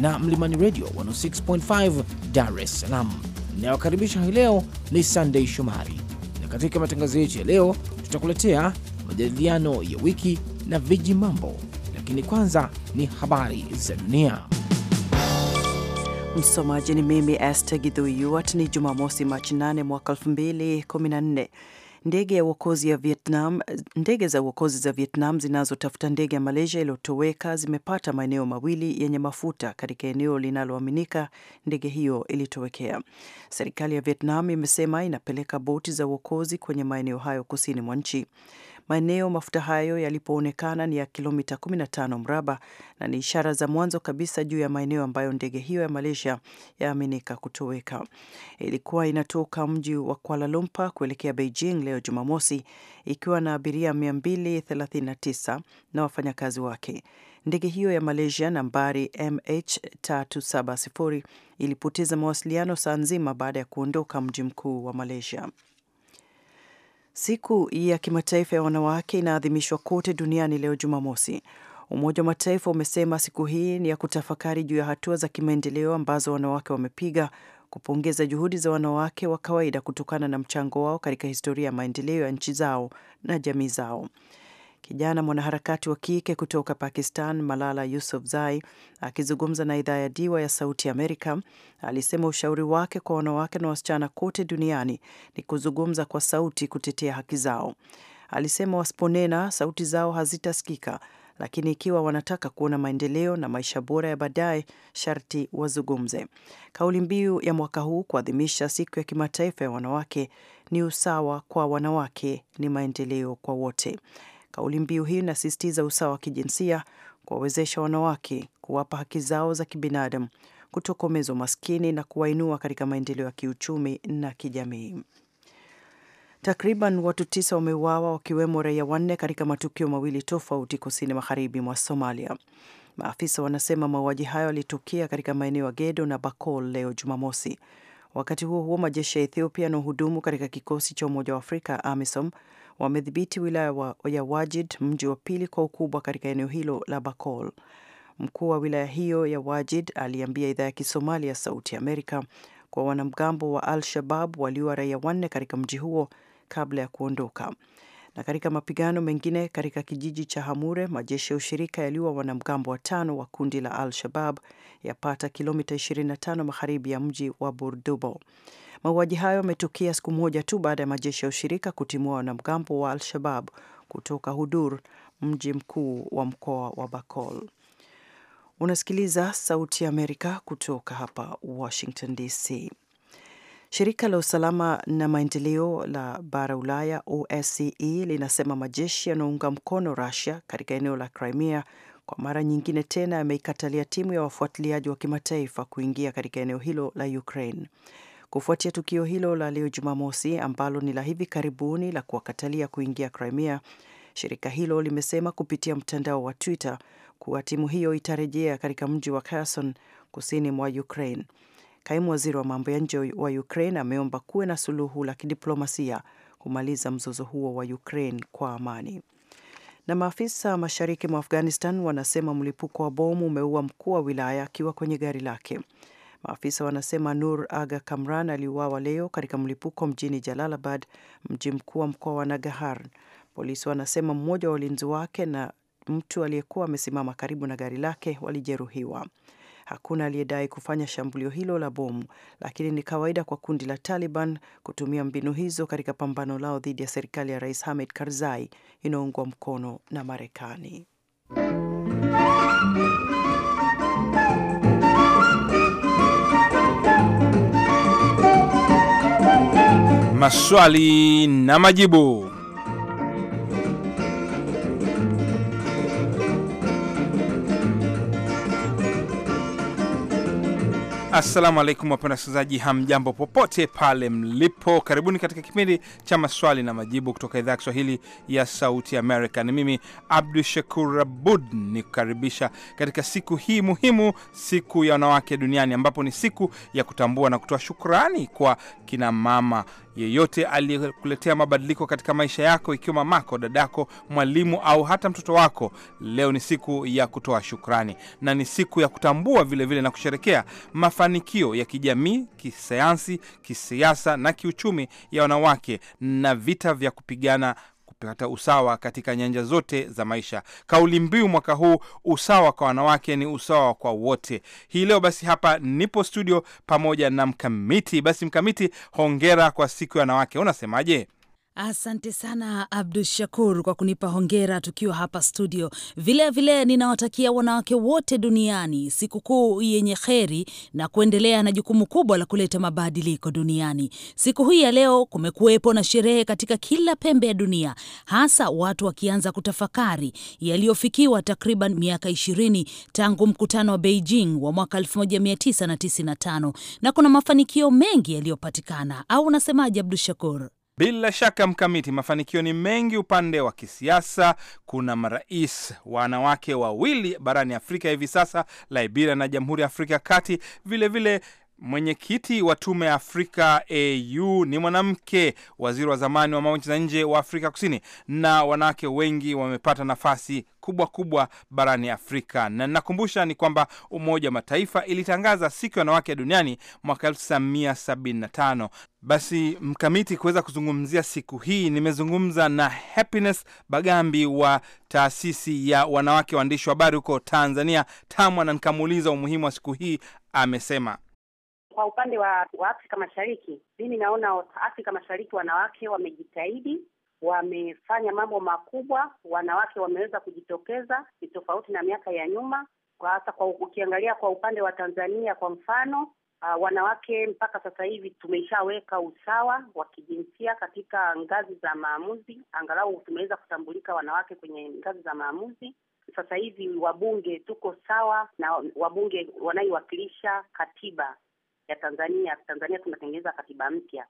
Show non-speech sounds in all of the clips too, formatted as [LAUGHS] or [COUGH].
na Mlimani Radio 106.5 Dar es Salaam. Inayokaribisha hii leo ni Sunday Shomari, na katika matangazo yetu ya leo tutakuletea majadiliano ya wiki na viji mambo, lakini kwanza ni habari za dunia. Msomaji ni mimi Esther Gidhu Yuat. Ni Jumamosi, Machi 8 mwaka 2014. Ndege ya uokozi ya Vietnam, ndege za uokozi za Vietnam zinazotafuta ndege ya Malaysia iliyotoweka zimepata maeneo mawili yenye mafuta katika eneo linaloaminika ndege hiyo ilitowekea. Serikali ya Vietnam imesema inapeleka boti za uokozi kwenye maeneo hayo kusini mwa nchi. Maeneo mafuta hayo yalipoonekana ni ya kilomita 15 mraba na ni ishara za mwanzo kabisa juu ya maeneo ambayo ndege hiyo ya Malaysia yaaminika kutoweka. Ilikuwa inatoka mji wa Kuala Lumpur kuelekea Beijing leo Jumamosi ikiwa na abiria 239 na wafanyakazi wake. Ndege hiyo ya Malaysia nambari MH370 ilipoteza mawasiliano saa nzima baada ya kuondoka mji mkuu wa Malaysia. Siku ya kimataifa ya wanawake inaadhimishwa kote duniani leo Jumamosi. Umoja wa Mataifa umesema siku hii ni ya kutafakari juu ya hatua za kimaendeleo ambazo wanawake wamepiga, kupongeza juhudi za wanawake wa kawaida kutokana na mchango wao katika historia ya maendeleo ya nchi zao na jamii zao. Kijana mwanaharakati wa kike kutoka Pakistan, Malala Yousafzai, akizungumza na idhaa ya Diwa ya Sauti Amerika, alisema ushauri wake kwa wanawake na wasichana kote duniani ni kuzungumza kwa sauti kutetea haki zao. Alisema wasiponena, sauti zao hazitasikika, lakini ikiwa wanataka kuona maendeleo na maisha bora ya baadaye, sharti wazungumze. Kauli mbiu ya mwaka huu kuadhimisha siku ya kimataifa ya wanawake ni usawa kwa wanawake, ni maendeleo kwa wote. Kauli mbiu hii inasisitiza usawa wa kijinsia, kuwawezesha wanawake, kuwapa haki zao za kibinadamu, kutokomeza umaskini na kuwainua katika maendeleo ya kiuchumi na kijamii. Takriban watu tisa wameuawa wakiwemo raia wanne katika matukio mawili tofauti kusini magharibi mwa Somalia. Maafisa wanasema mauaji hayo yalitokea katika maeneo ya Gedo na Bakol leo Jumamosi. Wakati huo huo, majeshi ya Ethiopia yanaohudumu katika kikosi cha Umoja wa Afrika AMISOM wamedhibiti wilaya wa ya Wajid, mji wa pili kwa ukubwa katika eneo hilo la Bakol. Mkuu wa wilaya hiyo ya Wajid aliambia idhaa ya Kisomali ya Sauti Amerika kwa wanamgambo wa Al-Shabab waliua raia wanne katika mji huo kabla ya kuondoka. Na katika mapigano mengine katika kijiji cha Hamure, majeshi ya ushirika yaliua wanamgambo watano wa kundi la Al-Shabab yapata kilomita 25 magharibi ya mji wa Burdubo. Mauaji hayo yametukia siku moja tu baada ya majeshi ya ushirika kutimua wanamgambo wa Al-Shabab kutoka Hudur, mji mkuu wa mkoa wa Bakol. Unasikiliza Sauti ya Amerika kutoka hapa Washington DC. Shirika la usalama na maendeleo la bara Ulaya, OSCE, linasema majeshi yanaunga mkono rusia katika eneo la Crimea kwa mara nyingine tena yameikatalia timu ya wafuatiliaji wa kimataifa kuingia katika eneo hilo la Ukraine kufuatia tukio hilo la leo Jumamosi ambalo ni la hivi karibuni la kuwakatalia kuingia Crimea. Shirika hilo limesema kupitia mtandao wa Twitter kuwa timu hiyo itarejea katika mji wa Kherson kusini mwa Ukraine. Kaimu waziri wa mambo ya nje wa Ukraine ameomba kuwe na suluhu la kidiplomasia kumaliza mzozo huo wa Ukraine kwa amani. Na maafisa mashariki mwa Afghanistan wanasema mlipuko wa bomu umeua mkuu wa wilaya akiwa kwenye gari lake. Maafisa wanasema Nur Aga Kamran aliuawa leo katika mlipuko mjini Jalalabad, mji mkuu wa mkoa wa Nagahar. Polisi wanasema mmoja wa walinzi wake na mtu aliyekuwa amesimama karibu na gari lake walijeruhiwa. Hakuna aliyedai kufanya shambulio hilo la bomu, lakini ni kawaida kwa kundi la Taliban kutumia mbinu hizo katika pambano lao dhidi ya serikali ya Rais Hamid Karzai inayoungwa mkono na Marekani. maswali na majibu. Assalamu alaikum wapenda wasikilizaji, hamjambo popote pale mlipo, karibuni katika kipindi cha maswali na majibu kutoka idhaa ya Kiswahili ya Sauti Amerika. Ni mimi Abdu Shakur Abud ni kukaribisha katika siku hii muhimu, siku ya wanawake duniani, ambapo ni siku ya kutambua na kutoa shukrani kwa kinamama Yeyote aliyekuletea mabadiliko katika maisha yako, ikiwa mamako, dadako, mwalimu au hata mtoto wako, leo ni siku ya kutoa shukrani na ni siku ya kutambua vilevile vile na kusherekea mafanikio ya kijamii, kisayansi, kisiasa na kiuchumi ya wanawake na vita vya kupigana kupata usawa katika nyanja zote za maisha. Kauli mbiu mwaka huu usawa kwa wanawake ni usawa kwa wote. Hii leo basi hapa nipo studio pamoja na Mkamiti. Basi Mkamiti, hongera kwa siku ya wanawake, unasemaje? Asante sana Abdu Shakur kwa kunipa hongera tukiwa hapa studio. Vilevile ninawatakia wanawake wote duniani sikukuu yenye kheri na kuendelea na jukumu kubwa la kuleta mabadiliko duniani. Siku hii ya leo kumekuwepo na sherehe katika kila pembe ya dunia, hasa watu wakianza kutafakari yaliyofikiwa takriban miaka ishirini tangu mkutano wa Beijing wa mwaka 1995 na kuna mafanikio mengi yaliyopatikana, au unasemaje Abdu Shakur? Bila shaka mkamiti, mafanikio ni mengi upande wa kisiasa. Kuna marais wanawake wawili barani Afrika hivi sasa, Liberia na Jamhuri ya Afrika ya Kati, vilevile Mwenyekiti wa tume ya Afrika AU ni mwanamke, waziri wa zamani wa mambo za nje wa Afrika Kusini, na wanawake wengi wamepata nafasi kubwa kubwa barani Afrika. Na ninakumbusha ni kwamba Umoja wa Mataifa ilitangaza siku ya wanawake duniani mwaka 1975. Basi mkamiti, kuweza kuzungumzia siku hii, nimezungumza na Happiness Bagambi wa taasisi ya wanawake waandishi wa habari huko Tanzania, TAMWA, na nikamuuliza umuhimu wa siku hii. Amesema kwa upande wa, wa Afrika Mashariki, mimi naona Afrika Mashariki wanawake wamejitahidi, wamefanya mambo makubwa, wanawake wameweza kujitokeza, ni tofauti na miaka ya nyuma. Hasa kwa ukiangalia kwa upande wa Tanzania kwa mfano Uh, wanawake mpaka sasa hivi tumeshaweka usawa wa kijinsia katika ngazi za maamuzi, angalau tumeweza kutambulika wanawake kwenye ngazi za maamuzi. Sasa hivi wabunge tuko sawa na wabunge wanaiwakilisha katiba ya Tanzania. Tanzania tunatengeneza katiba mpya,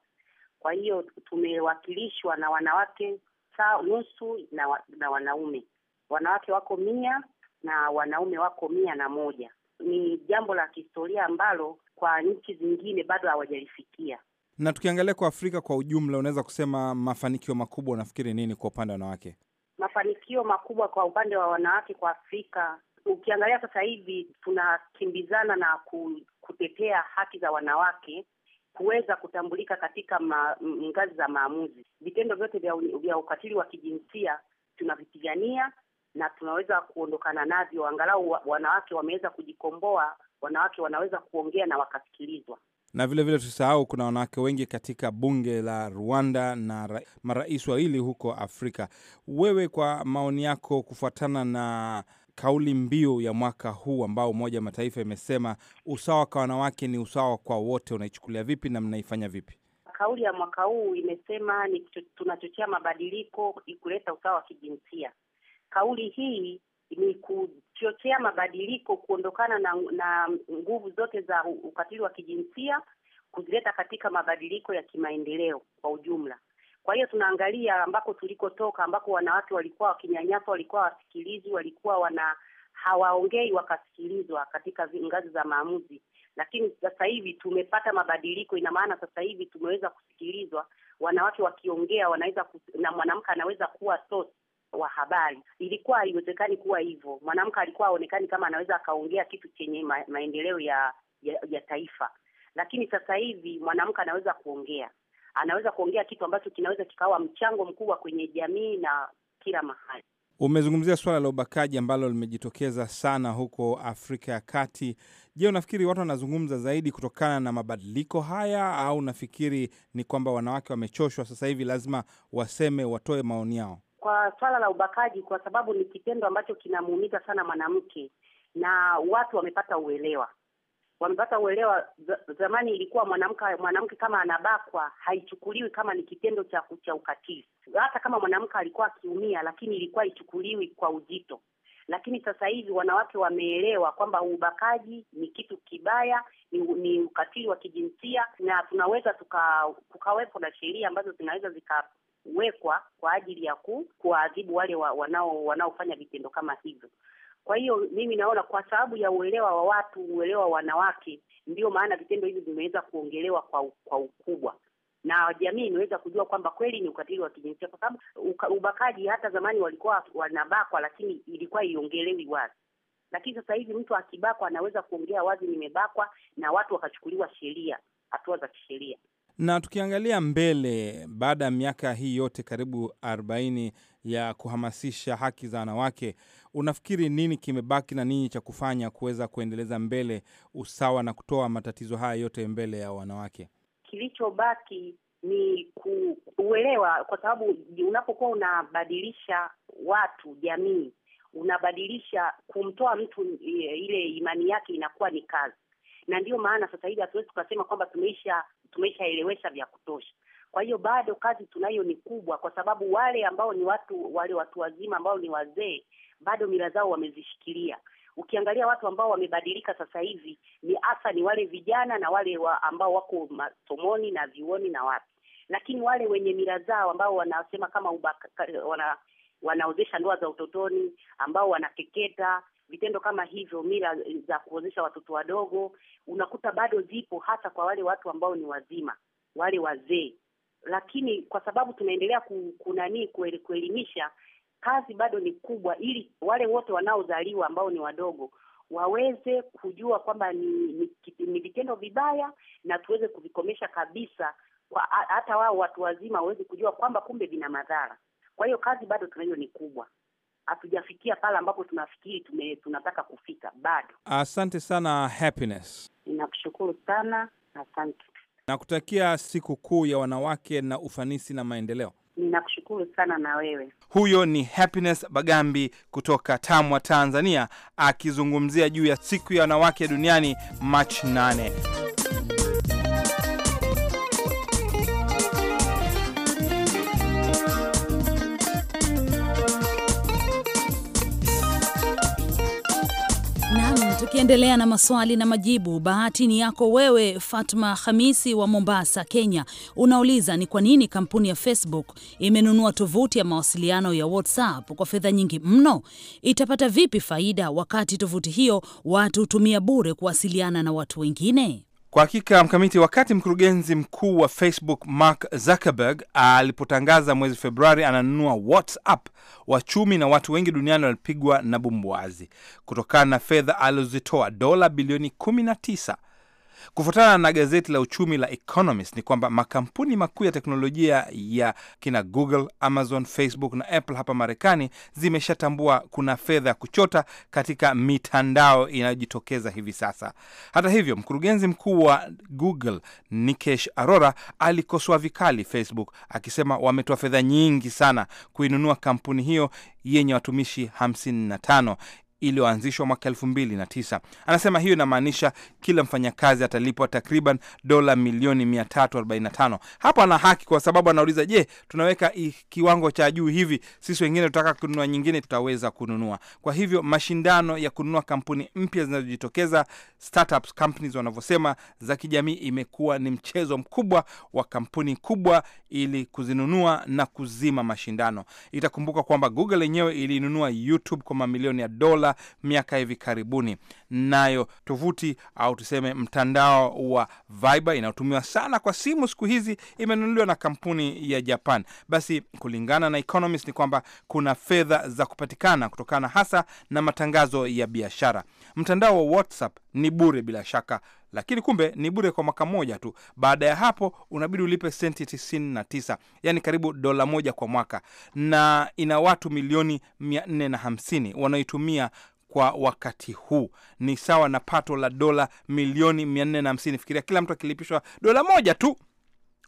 kwa hiyo tumewakilishwa na wanawake saa nusu na, wa, na wanaume. Wanawake wako mia na wanaume wako mia na moja. Ni jambo la kihistoria ambalo kwa nchi zingine bado hawajalifikia. Na tukiangalia kwa Afrika kwa ujumla, unaweza kusema mafanikio makubwa, unafikiri nini kwa upande wa wanawake? Mafanikio makubwa kwa upande wa wanawake kwa Afrika, ukiangalia sasa hivi tunakimbizana na kutetea haki za wanawake kuweza kutambulika katika ma, ngazi za maamuzi. Vitendo vyote vya, vya ukatili wa kijinsia tunavipigania na tunaweza kuondokana navyo, angalau wanawake wameweza kujikomboa, wanawake wanaweza kuongea na wakasikilizwa. Na vile vile tusisahau, kuna wanawake wengi katika bunge la Rwanda na marais wawili huko Afrika. Wewe, kwa maoni yako, kufuatana na kauli mbiu ya mwaka huu ambao Umoja wa Mataifa imesema usawa kwa wanawake ni usawa kwa wote, unaichukulia vipi na mnaifanya vipi? Kauli ya mwaka huu imesema ni tunachochea mabadiliko kuleta usawa wa kijinsia. Kauli hii ni kuchochea mabadiliko, kuondokana na, na nguvu zote za ukatili wa kijinsia, kuzileta katika mabadiliko ya kimaendeleo kwa ujumla. Kwa hiyo tunaangalia ambako tulikotoka, ambako wanawake walikuwa wakinyanyaswa, walikuwa wasikilizwi, walikuwa wana hawaongei wakasikilizwa katika ngazi za maamuzi, lakini sasa hivi tumepata mabadiliko. Ina maana sasa hivi tumeweza kusikilizwa, wanawake wakiongea wanaweza kus... na mwanamke anaweza kuwa source wa habari. Ilikuwa haiwezekani kuwa hivyo, mwanamke alikuwa haonekani kama anaweza akaongea kitu chenye ma... maendeleo ya, ya ya taifa, lakini sasa hivi mwanamke anaweza kuongea anaweza kuongea kitu ambacho kinaweza kikawa mchango mkubwa kwenye jamii na kila mahali. Umezungumzia suala la ubakaji ambalo limejitokeza sana huko Afrika ya Kati. Je, unafikiri watu wanazungumza zaidi kutokana na mabadiliko haya, au unafikiri ni kwamba wanawake wamechoshwa sasa hivi, lazima waseme, watoe maoni yao kwa swala la ubakaji? Kwa sababu ni kitendo ambacho kinamuumiza sana mwanamke na watu wamepata uelewa wamepata uelewa. Zamani ilikuwa mwanamke mwanamke kama anabakwa haichukuliwi kama ni kitendo cha cha ukatili, hata kama mwanamke alikuwa akiumia, lakini ilikuwa haichukuliwi kwa uzito. Lakini sasa hivi wanawake wameelewa kwamba ubakaji ni kitu kibaya, ni, ni ukatili wa kijinsia, na tunaweza tuka, na sheria ambazo zinaweza zika wekwa kwa ajili ya ku, kuwaadhibu wale wa, wanao wanaofanya vitendo kama hivyo. Kwa hiyo mimi naona kwa sababu ya uelewa wa watu, uelewa wa wanawake, ndiyo maana vitendo hivi vimeweza kuongelewa kwa, kwa ukubwa na jamii imeweza kujua kwamba kweli ni ukatili wa kijinsia, kwa sababu ubakaji hata zamani walikuwa wanabakwa, lakini ilikuwa iongelewi wazi. Lakini sasa hivi mtu akibakwa anaweza kuongea wazi, nimebakwa, na watu wakachukuliwa sheria, hatua za kisheria. Na tukiangalia mbele, baada ya miaka hii yote karibu 40 ya kuhamasisha haki za wanawake, unafikiri nini kimebaki na nini cha kufanya kuweza kuendeleza mbele usawa na kutoa matatizo haya yote mbele ya wanawake? Kilichobaki ni kuuelewa, kwa sababu unapokuwa unabadilisha watu, jamii, unabadilisha kumtoa mtu, eh, ile imani yake inakuwa ni kazi na ndio maana sasa hivi hatuwezi tukasema kwamba tumeisha tumeishaelewesha vya kutosha. Kwa hiyo bado kazi tunayo ni kubwa, kwa sababu wale ambao ni watu wale watu wazima ambao ni wazee bado mila zao wamezishikilia. Ukiangalia watu ambao wamebadilika sasa hivi ni hasa ni wale vijana na wale wa ambao wako masomoni na vioni na wapi, lakini wale wenye mila zao ambao wanasema kama ubaka, wana, wanaozesha ndoa za utotoni ambao wanakeketa vitendo kama hivyo, mila za kuozesha watoto wadogo unakuta bado zipo hata kwa wale watu ambao ni wazima, wale wazee. Lakini kwa sababu tunaendelea kunani kuelimisha, kazi bado ni kubwa, ili wale wote wanaozaliwa ambao ni wadogo waweze kujua kwamba ni, ni, ni vitendo vibaya na tuweze kuvikomesha kabisa. Kwa, hata wao watu wazima waweze kujua kwamba kumbe vina madhara. Kwa hiyo kazi bado tunayo ni kubwa hatujafikia pale ambapo tunafikiri tume, tunataka kufika bado. Asante sana Happiness, ninakushukuru sana, asante. Nakutakia siku kuu ya wanawake na ufanisi na maendeleo. Ninakushukuru sana na wewe. Huyo ni Happiness Bagambi kutoka Tamwa, Tanzania, akizungumzia juu ya siku ya wanawake duniani Machi nane. Tukiendelea na maswali na majibu, bahati ni yako wewe. Fatma Hamisi wa Mombasa, Kenya, unauliza ni kwa nini kampuni ya Facebook imenunua tovuti ya mawasiliano ya WhatsApp kwa fedha nyingi mno. Itapata vipi faida wakati tovuti hiyo watu hutumia bure kuwasiliana na watu wengine? Kwa hakika mkamiti, wakati mkurugenzi mkuu wa Facebook Mark Zuckerberg alipotangaza mwezi Februari ananunua WhatsApp, wachumi na watu wengi duniani walipigwa na bumbuazi kutokana na fedha alizozitoa dola bilioni 19 Kufuatana na gazeti la uchumi la Economist ni kwamba makampuni makuu ya teknolojia ya kina Google, Amazon, Facebook na Apple hapa Marekani zimeshatambua kuna fedha ya kuchota katika mitandao inayojitokeza hivi sasa. Hata hivyo, mkurugenzi mkuu wa Google Nikesh Arora alikosoa vikali Facebook akisema wametoa fedha nyingi sana kuinunua kampuni hiyo yenye watumishi 55 iliyoanzishwa mwaka tisa. Anasema hiyo inamaanisha kila mfanyakazi atalipwa takriban dola milioni 345. Hapo ana haki kwa sababu anauliza, je, tunaweka kiwango cha juu hivi, sisi wengine tutaka kununua nyingine, tutaweza kununua? Kwa hivyo mashindano ya kununua kampuni mpya zinazojitokeza, startups companies wanavyosema, za kijamii, imekuwa ni mchezo mkubwa wa kampuni kubwa ili kuzinunua na kuzima mashindano. Itakumbuka kwamba Google yenyewe ilinunua YouTube kwa mamilioni ya dola Angola miaka hivi karibuni. Nayo tovuti au tuseme mtandao wa Viber inayotumiwa sana kwa simu siku hizi imenunuliwa na kampuni ya Japan. Basi kulingana na Economist ni kwamba kuna fedha za kupatikana kutokana hasa na matangazo ya biashara. Mtandao wa WhatsApp ni bure bila shaka lakini kumbe ni bure kwa mwaka mmoja tu. Baada ya hapo unabidi ulipe senti tisini na tisa yani karibu dola moja kwa mwaka, na ina watu milioni mia nne na hamsini wanaoitumia kwa wakati huu ni sawa na pato la dola milioni mia nne na hamsini. Fikiria kila mtu akilipishwa dola moja tu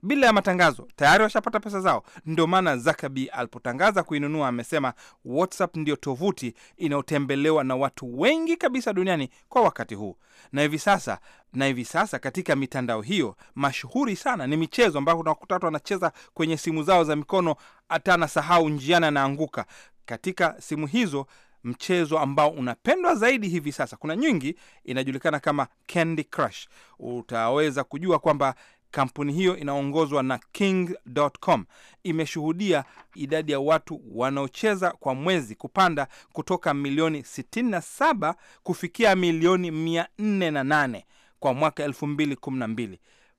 bila ya matangazo, tayari washapata pesa zao. Ndio maana Zakabi alipotangaza kuinunua amesema WhatsApp ndio tovuti inayotembelewa na watu wengi kabisa duniani kwa wakati huu, na hivi sasa na hivi sasa katika mitandao hiyo mashuhuri sana ni michezo, ambayo unakuta watu wanacheza kwenye simu zao za mikono, hata anasahau njiani, anaanguka katika simu hizo. Mchezo ambao unapendwa zaidi hivi sasa, kuna nyingi, inajulikana kama Candy Crush. Utaweza kujua kwamba Kampuni hiyo inaongozwa na King.com imeshuhudia idadi ya watu wanaocheza kwa mwezi kupanda kutoka milioni 67 kufikia milioni 408 kwa mwaka 2012,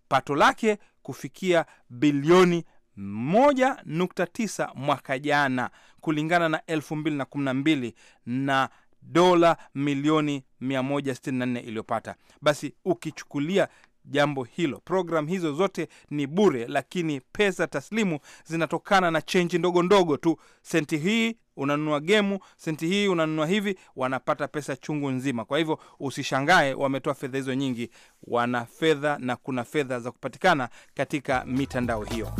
pato lake kufikia bilioni 1.9 mwaka jana, kulingana na 2012 na dola milioni 164 iliyopata. Basi ukichukulia jambo hilo. Programu hizo zote ni bure, lakini pesa taslimu zinatokana na chenji ndogo ndogo tu. Senti hii unanunua gemu, senti hii unanunua hivi, wanapata pesa chungu nzima. Kwa hivyo usishangae wametoa fedha hizo nyingi, wana fedha na kuna fedha za kupatikana katika mitandao hiyo.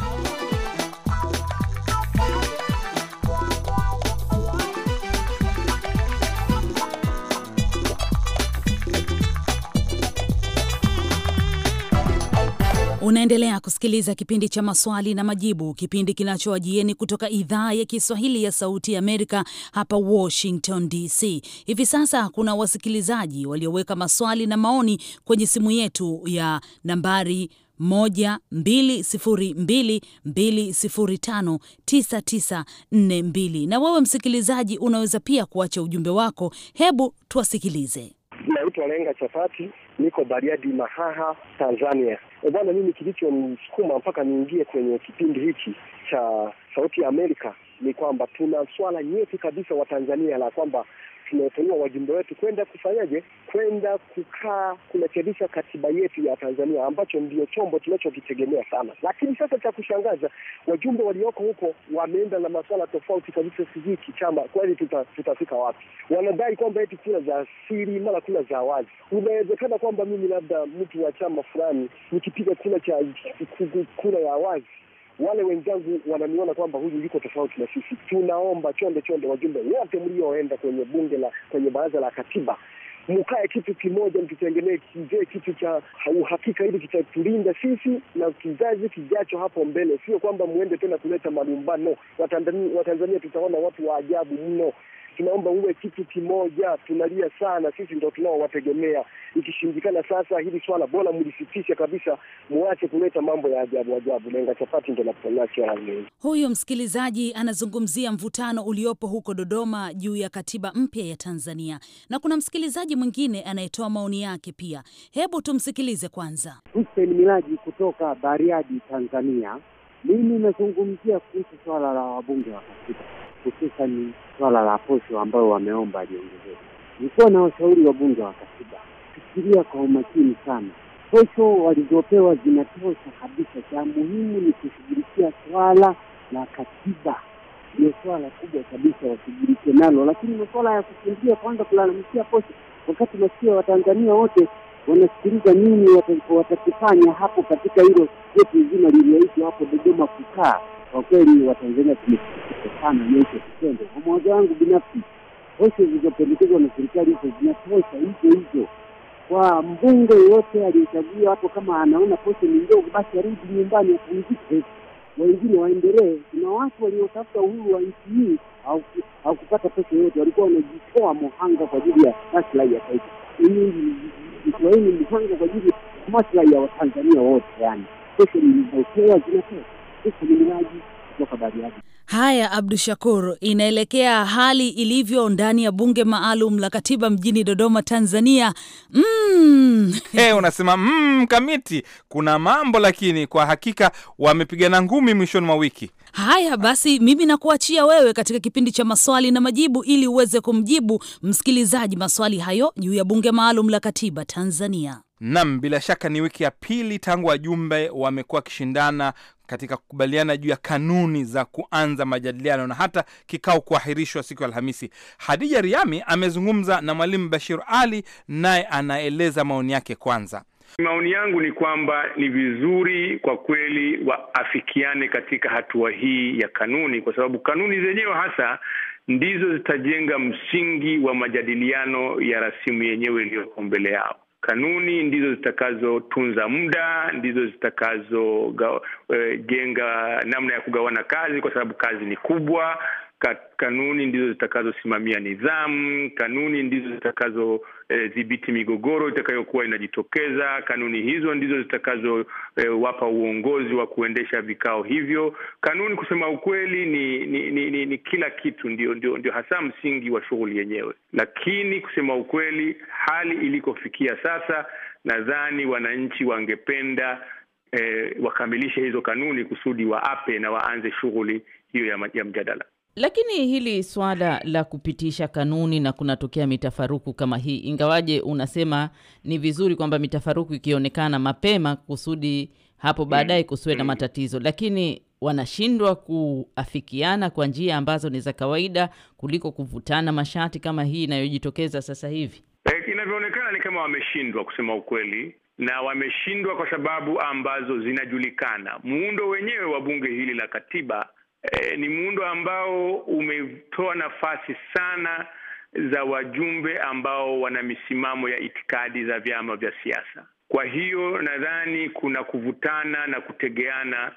Unaendelea kusikiliza kipindi cha maswali na majibu, kipindi kinachoajieni kutoka idhaa ya Kiswahili ya Sauti Amerika hapa Washington DC. Hivi sasa kuna wasikilizaji walioweka maswali na maoni kwenye simu yetu ya nambari 12022059942 na wewe msikilizaji, unaweza pia kuacha ujumbe wako. Hebu tuwasikilize. Naitwa Lenga Chapati, niko Bariadi Mahaha, Tanzania. Eh, bwana, mimi kilichomsukuma mpaka niingie kwenye kipindi hiki cha Sauti ya Amerika ni kwamba tuna swala nyeti kabisa wa Tanzania la kwamba tumewateua wajumbe wetu kwenda kufanyaje, kwenda kukaa kurekebisha katiba yetu ya Tanzania, ambacho ndio chombo tunachokitegemea sana. Lakini sasa cha kushangaza, wajumbe walioko huko wameenda na masuala tofauti kabisa. Sijui kichama kweli tuta, tutafika wapi? Wanadai kwamba eti kura za siri, mara kura za wazi. unawezekana kwamba mimi labda mtu wa chama fulani nikipiga kura cha kura ya wazi wale wenzangu wananiona kwamba huyu yuko tofauti na sisi. Tunaomba chonde chonde, wajumbe wote mlioenda kwenye bunge la kwenye baraza la katiba mkae kitu kimoja, mtutengenee kijee kitu cha uhakika, ili kitatulinda sisi na kizazi kijacho hapo mbele. Sio kwamba mwende tena kuleta malumbano. Watanzania tutaona watu wa ajabu mno tunaomba uwe kitu kimoja. Tunalia sana, sisi ndo tunaowategemea. Ikishindikana sasa, hili swala bora mlisitisha kabisa, muache kuleta mambo ya ajabu ajabu. Lenga chapati ndo naponacha. Huyu msikilizaji anazungumzia mvutano uliopo huko Dodoma juu ya katiba mpya ya Tanzania, na kuna msikilizaji mwingine anayetoa maoni yake pia. Hebu tumsikilize kwanza. Hussein Miraji kutoka Bariadi, Tanzania. Mimi nazungumzia kuhusu swala la wabunge wa katiba ni swala la posho ambayo wameomba aliongezeka. Nilikuwa na washauri wabunge wa katiba, fikiria kwa umakini sana, posho walizopewa zinatosha kabisa. Cha muhimu ni kushughulikia swala la katiba, ndio swala kubwa kabisa washughulike nalo, lakini masuala ya kukimbia kwanza kulalamikia posho, wakati nasikia Watanzania wote wanasikiliza nini watakifanya hapo katika hilo seti zima liliyoishi hapo Dodoma kukaa kwa kweli Watanzania tumesikitika sana na hicho kitendo. Kwa mawazo yangu binafsi, posho zilizopendekezwa na serikali hizo zinatosha hizo hizo kwa mbunge yote aliyechagua hapo. Kama anaona posho ni ndogo, basi arudi nyumbani apumzike, wengine waendelee. Kuna watu waliotafuta uhuru wa nchi hii hawakupata posho yote, walikuwa wanajitoa mohanga kwa ajili ya maslahi ya taifa. Kiswahili ni kwa ajili ya maslahi ya Watanzania wote, yani posho nilizopewa zinatosha kutoka Bariadi. Haya, Abdu Shakur, inaelekea hali ilivyo ndani ya bunge maalum la katiba mjini Dodoma, Tanzania. mm. [LAUGHS] Hey, unasema mm, kamiti kuna mambo, lakini kwa hakika wamepigana ngumi mwishoni mwa wiki. Haya basi, mimi nakuachia wewe katika kipindi cha maswali na majibu, ili uweze kumjibu msikilizaji maswali hayo juu ya bunge maalum la katiba Tanzania. Nam, bila shaka ni wiki ya pili tangu wajumbe wamekuwa wakishindana katika kukubaliana juu ya kanuni za kuanza majadiliano na hata kikao kuahirishwa siku ya Alhamisi. Hadija Riami amezungumza na Mwalimu Bashir Ali, naye anaeleza maoni yake. Kwanza, maoni yangu ni kwamba ni vizuri kwa kweli waafikiane katika hatua hii ya kanuni, kwa sababu kanuni zenyewe hasa ndizo zitajenga msingi wa majadiliano ya rasimu yenyewe iliyoko mbele yao. Kanuni ndizo zitakazotunza muda, ndizo zitakazojenga eh, e, namna ya kugawana kazi, kwa sababu kazi ni kubwa. Kanuni ndizo zitakazosimamia nidhamu. Kanuni ndizo zitakazo Eh, dhibiti e, migogoro itakayokuwa inajitokeza. Kanuni hizo ndizo zitakazowapa eh, e, uongozi wa kuendesha vikao hivyo. Kanuni kusema ukweli ni ni, ni, ni, ni kila kitu, ndio, ndio, ndio hasa msingi wa shughuli yenyewe, lakini kusema ukweli hali ilikofikia sasa, nadhani wananchi wangependa e, wakamilishe hizo kanuni kusudi waape na waanze shughuli hiyo ya, ya mjadala. Lakini hili swala la kupitisha kanuni na kunatokea mitafaruku kama hii, ingawaje unasema ni vizuri kwamba mitafaruku ikionekana mapema kusudi hapo baadaye kusiwe na mm. matatizo, lakini wanashindwa kuafikiana kwa njia ambazo ni za kawaida kuliko kuvutana mashati kama hii inayojitokeza sasa hivi. E, inavyoonekana ni kama wameshindwa kusema ukweli na wameshindwa kwa sababu ambazo zinajulikana. Muundo wenyewe wa bunge hili la katiba eh, ni muundo ambao umetoa nafasi sana za wajumbe ambao wana misimamo ya itikadi za vyama vya siasa. Kwa hiyo nadhani kuna kuvutana na kutegeana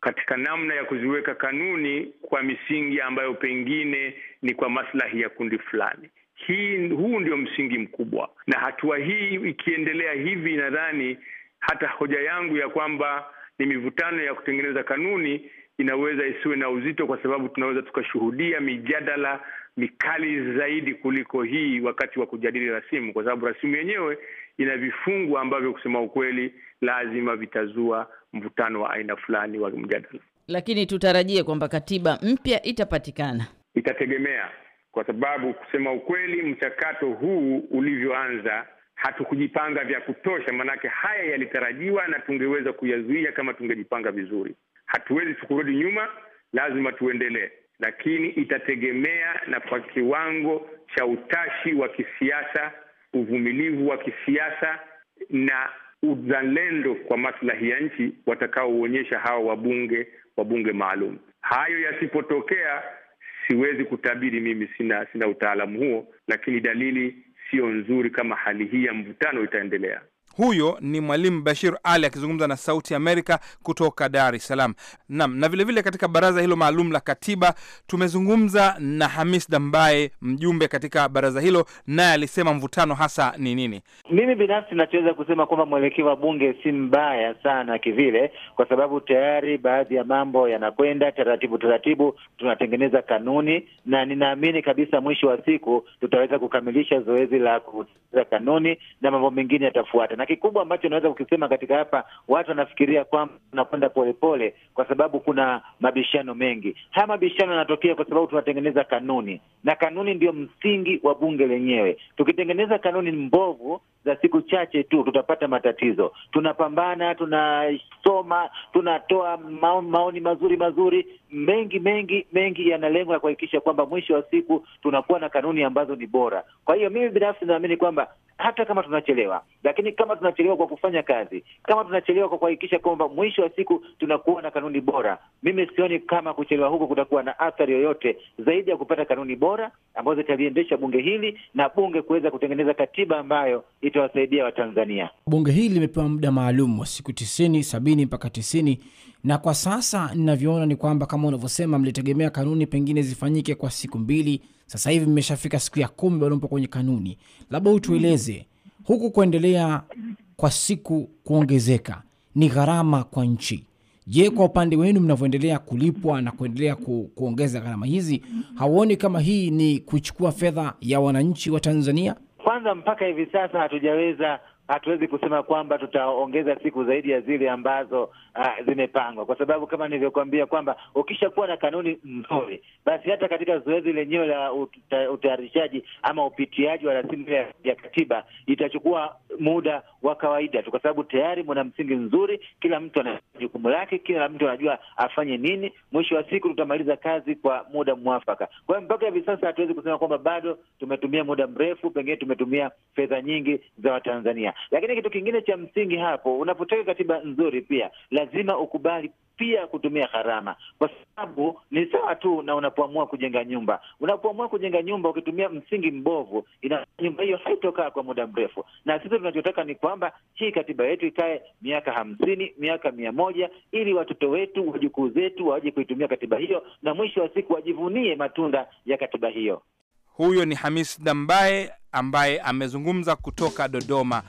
katika namna ya kuziweka kanuni kwa misingi ambayo pengine ni kwa maslahi ya kundi fulani. Hii, huu ndio msingi mkubwa, na hatua hii ikiendelea hivi, nadhani hata hoja yangu ya kwamba ni mivutano ya kutengeneza kanuni inaweza isiwe na uzito, kwa sababu tunaweza tukashuhudia mijadala mikali zaidi kuliko hii wakati wa kujadili rasimu, kwa sababu rasimu yenyewe ina vifungu ambavyo kusema ukweli lazima vitazua mvutano wa aina fulani wa mjadala. Lakini tutarajie kwamba katiba mpya itapatikana, itategemea, kwa sababu kusema ukweli mchakato huu ulivyoanza hatukujipanga vya kutosha, maanake haya yalitarajiwa na tungeweza kuyazuia kama tungejipanga vizuri. Hatuwezi tukurudi nyuma, lazima tuendelee, lakini itategemea na kwa kiwango cha utashi wa kisiasa, uvumilivu wa kisiasa na uzalendo kwa maslahi ya nchi watakaoonyesha hawa wabunge wabunge maalum. Hayo yasipotokea, siwezi kutabiri mimi, sina sina utaalamu huo, lakini dalili sio nzuri kama hali hii ya mvutano itaendelea. Huyo ni Mwalimu Bashir Ali akizungumza na Sauti Amerika kutoka Dar es Salaam. Naam, na vilevile vile katika baraza hilo maalum la katiba tumezungumza na Hamis Dambaye, mjumbe katika baraza hilo, naye alisema mvutano hasa ni nini. Mimi binafsi nachoweza kusema kwamba mwelekeo wa bunge si mbaya sana kivile, kwa sababu tayari baadhi ya mambo yanakwenda taratibu taratibu, tunatengeneza kanuni, na ninaamini kabisa mwisho wa siku tutaweza kukamilisha zoezi la kutengeneza kanuni na mambo mengine yatafuata na kikubwa ambacho naweza kukisema katika hapa, watu wanafikiria kwamba tunakwenda polepole kwa sababu kuna mabishano mengi. Haya mabishano yanatokea kwa sababu tunatengeneza kanuni, na kanuni ndio msingi wa bunge lenyewe. Tukitengeneza kanuni mbovu za siku chache tu tutapata matatizo. Tunapambana, tunasoma, tunatoa maoni mazuri mazuri, mengi mengi mengi yanalengwa ya kuhakikisha kwamba mwisho wa siku tunakuwa na kanuni ambazo ni bora. Kwa hiyo mimi binafsi naamini kwamba hata kama tunachelewa, lakini kama tunachelewa kwa kufanya kazi, kama tunachelewa kwa kuhakikisha kwamba mwisho wa siku tunakuwa na kanuni bora, mimi sioni kama kuchelewa huko kutakuwa na athari yoyote zaidi ya kupata kanuni bora ambazo zitaliendesha bunge hili na bunge kuweza kutengeneza katiba ambayo itawasaidia Watanzania. Bunge hili limepewa muda maalum wa siku tisini, sabini mpaka tisini, na kwa sasa ninavyoona ni kwamba kama unavyosema, mlitegemea kanuni pengine zifanyike kwa siku mbili, sasa hivi mmeshafika siku ya kumi, bado mpo kwenye kanuni. Labda utueleze huku kuendelea kwa siku kuongezeka ni gharama kwa nchi. Je, kwa upande wenu mnavyoendelea kulipwa na kuendelea ku, kuongeza gharama hizi, hauoni kama hii ni kuchukua fedha ya wananchi wa Tanzania? Kwanza, mpaka hivi sasa hatujaweza hatuwezi kusema kwamba tutaongeza siku zaidi ya zile ambazo Ah, zimepangwa, kwa sababu kama nilivyokuambia kwamba ukishakuwa na kanuni nzuri, basi hata katika zoezi lenyewe la utayarishaji ama upitiaji wa rasimu ya, ya katiba itachukua muda wa kawaida tu, kwa sababu tayari mna msingi mzuri kila mtu ana jukumu lake, kila mtu anajua afanye nini. Mwisho wa siku tutamaliza kazi kwa muda mwafaka. Kwa hiyo mpaka hivi sasa hatuwezi kusema kwamba bado tumetumia muda mrefu, pengine tumetumia fedha nyingi za Watanzania. Lakini kitu kingine cha msingi hapo, unapotaka katiba nzuri pia lazima ukubali pia kutumia gharama, kwa sababu ni sawa tu na unapoamua kujenga nyumba. Unapoamua kujenga nyumba ukitumia msingi mbovu, ina nyumba hiyo haitokaa kwa muda mrefu. Na sisi tunachotaka ni kwamba hii katiba yetu ikae miaka hamsini, miaka mia moja, ili watoto wetu, wajukuu zetu waje kuitumia katiba hiyo, na mwisho wa siku wajivunie matunda ya katiba hiyo. Huyo ni Hamis Dambaye ambaye amezungumza kutoka Dodoma.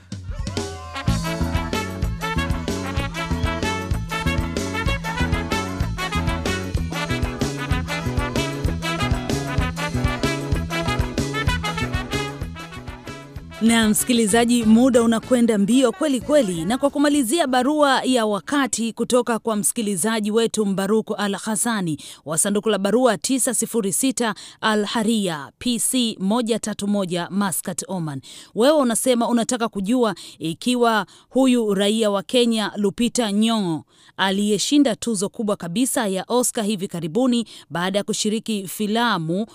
Na msikilizaji, muda unakwenda mbio kweli kweli, na kwa kumalizia, barua ya wakati kutoka kwa msikilizaji wetu Mbaruku Al Hasani wa sanduku la barua 906 Al Haria PC 131 Maskat, Oman. Wewe unasema unataka kujua ikiwa huyu raia wa Kenya Lupita Nyong'o aliyeshinda tuzo kubwa kabisa ya Oscar hivi karibuni baada ya kushiriki filamu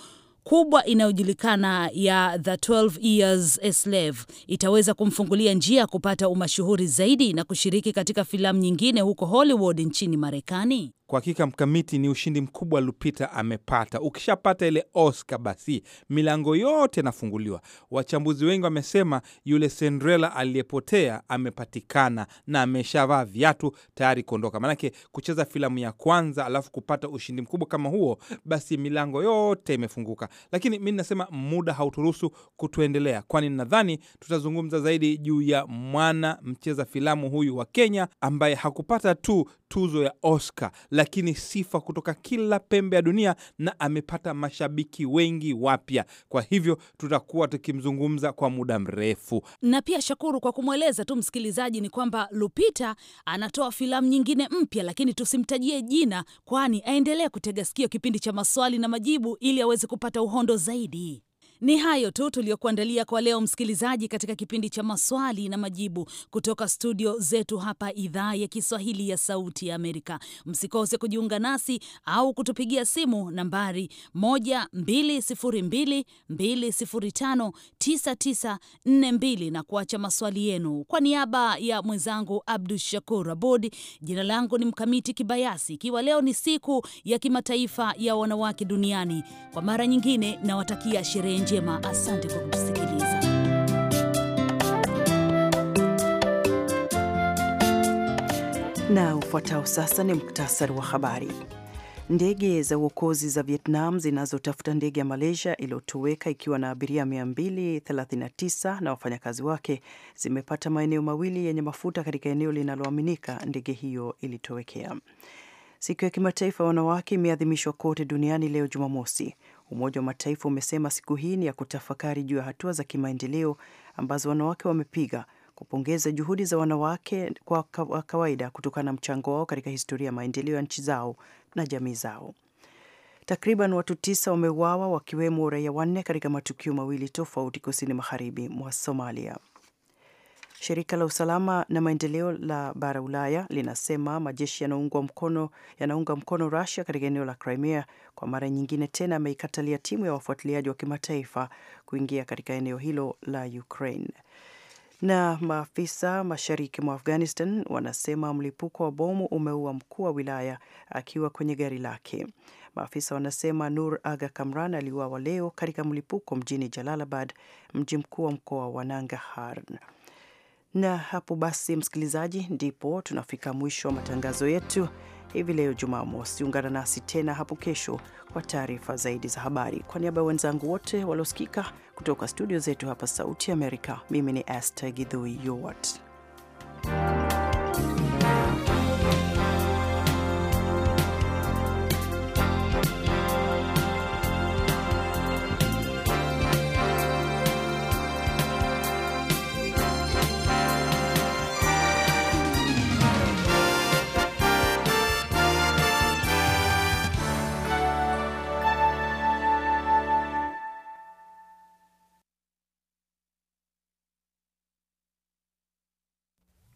kubwa inayojulikana ya The 12 Years a Slave itaweza kumfungulia njia ya kupata umashuhuri zaidi na kushiriki katika filamu nyingine huko Hollywood nchini Marekani? Kwa hakika mkamiti, ni ushindi mkubwa Lupita amepata. Ukishapata ile Oscar basi milango yote inafunguliwa. Wachambuzi wengi wamesema yule Cinderella aliyepotea amepatikana na ameshavaa viatu tayari kuondoka, maanake kucheza filamu ya kwanza alafu kupata ushindi mkubwa kama huo, basi milango yote imefunguka. Lakini mi nasema muda hauturuhusu kutuendelea, kwani nadhani tutazungumza zaidi juu ya mwana mcheza filamu huyu wa Kenya ambaye hakupata tu tuzo ya Oscar lakini sifa kutoka kila pembe ya dunia na amepata mashabiki wengi wapya. Kwa hivyo tutakuwa tukimzungumza kwa muda mrefu. Na pia Shakuru, kwa kumweleza tu msikilizaji ni kwamba Lupita anatoa filamu nyingine mpya, lakini tusimtajie jina, kwani aendelee kutega sikio kipindi cha maswali na majibu ili aweze kupata uhondo zaidi. Ni hayo tu tuliyokuandalia kwa leo, msikilizaji, katika kipindi cha maswali na majibu kutoka studio zetu hapa idhaa ya Kiswahili ya Sauti ya Amerika. Msikose kujiunga nasi au kutupigia simu nambari 12022059942 na kuacha maswali yenu. Kwa niaba ya mwenzangu Abdu Shakur Abud, jina langu ni Mkamiti Kibayasi. Ikiwa leo ni siku ya kimataifa ya wanawake duniani, kwa mara nyingine nawatakia sherehe njema njema. Asante kwa kutusikiliza. Na ufuatao sasa ni muktasari wa habari. Ndege za uokozi za Vietnam zinazotafuta ndege ya Malaysia iliyotoweka ikiwa na abiria 239 na wafanyakazi wake zimepata maeneo mawili yenye mafuta katika eneo linaloaminika ndege hiyo ilitowekea. Siku ya kimataifa ya wanawake imeadhimishwa kote duniani leo Jumamosi, Umoja wa Mataifa umesema siku hii ni ya kutafakari juu ya hatua za kimaendeleo ambazo wanawake wamepiga kupongeza juhudi za wanawake kwa kawaida kutokana na mchango wao katika historia ya maendeleo ya nchi zao na jamii zao. Takriban watu tisa wameuawa wakiwemo raia wanne katika matukio mawili tofauti kusini magharibi mwa Somalia. Shirika la usalama na maendeleo la bara Ulaya linasema majeshi yanaunga mkono, yanaunga mkono Russia katika eneo la Crimea kwa mara nyingine tena ameikatalia timu ya wafuatiliaji wa kimataifa kuingia katika eneo hilo la Ukraine. Na maafisa mashariki mwa Afghanistan wanasema mlipuko wa bomu umeua mkuu wa wilaya akiwa kwenye gari lake. Maafisa wanasema Nur Aga Kamran aliuawa leo katika mlipuko mjini Jalalabad, mji mkuu wa mkoa wa Nangarhar. Na hapo basi, msikilizaji, ndipo tunafika mwisho wa matangazo yetu hivi leo Jumamosi. Ungana nasi tena hapo kesho kwa taarifa zaidi za habari. Kwa niaba ya wenzangu wote waliosikika kutoka studio zetu hapa Sauti Amerika, mimi ni Esther Gidhui Yowat.